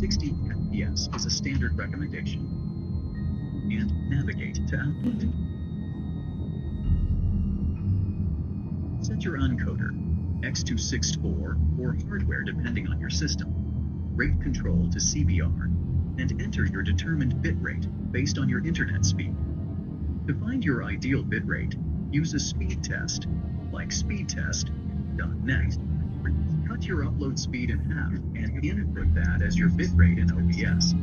60 FPS is a standard recommendation. And navigate to output. Set your encoder, X264 or hardware depending on your system, rate control to CBR, and enter your determined bitrate based on your internet speed. To find your ideal bitrate, use a speed test, like speedtest.net cut your upload speed in half and input that as your bitrate in OBS.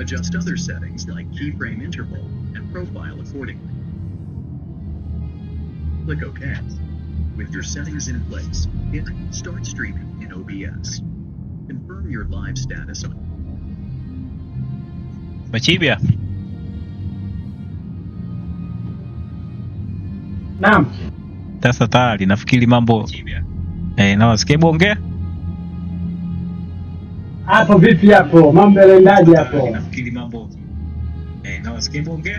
Adjust other settings like keyframe interval and profile accordingly. Click OK. With your settings in place, hit Start Streaming in OBS. Confirm your live status on Матібія. Naam. Sasa tayari nafikiri mambo. Eh, nawasikia bonge? hapo vipi? Hapo mambo yanaendaje hapo? Nafikiri mambo eh, na wasikia bonge.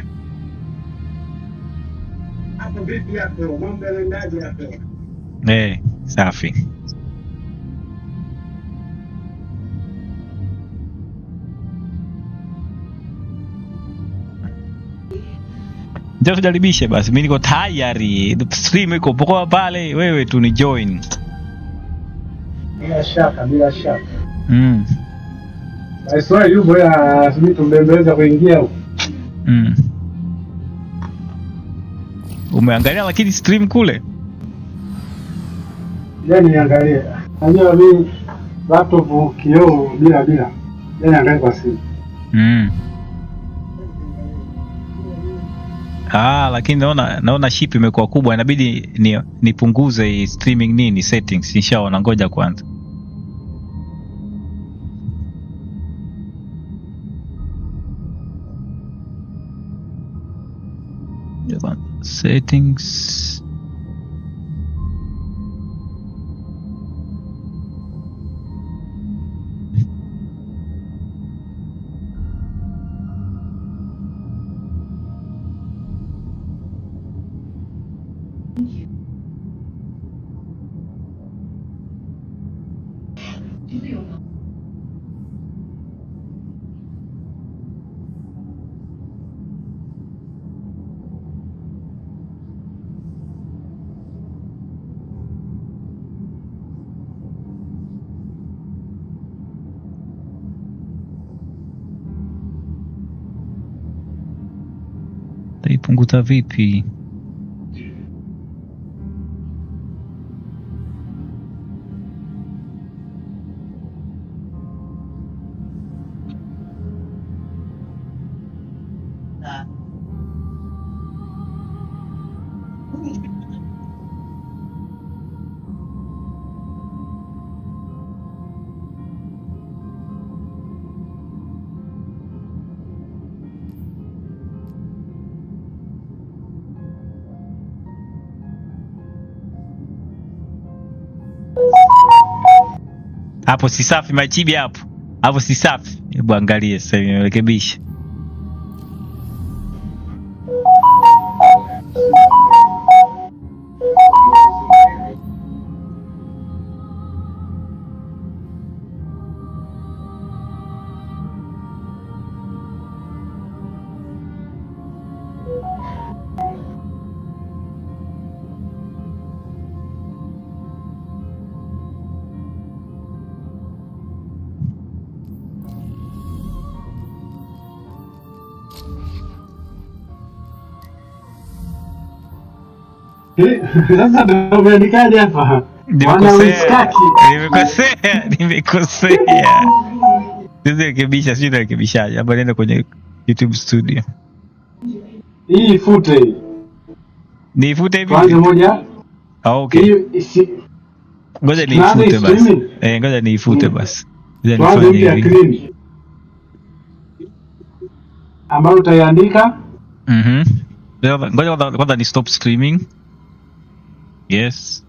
hapo vipi? Hapo mambo yanaendaje hapo? Eh, safi. Ndio tujaribishe basi, mimi niko tayari, stream iko pokoa pale, wewe tu ni join. Bila shaka, bila shaka. Mm. Aisraeli yupo ya sijui tumbembeleza kuingia huko. Mm. Umeangalia lakini stream kule? niangalie. Najua laptop kioo bila bila. kwa simu. Mm. Ah, lakini naona naona ship imekuwa kubwa, inabidi nipunguze ni streaming nini settings. Nishaona, ngoja kwanza. Settings. tej punktu VIP hapo si safi, machibi hapo hapo si safi. Hebu angalie sasa, nimerekebisha. Sasa Nimekosea, nimekosea. Hapa kwenye YouTube studio. Hii ifute hivi. moja. Ah, okay. Ngoja basi. Eh, ngoja hmm. basi. Ngoja hivi. Ambayo utaiandika? Mhm. Ngoja kwanza ni stop streaming. Yes.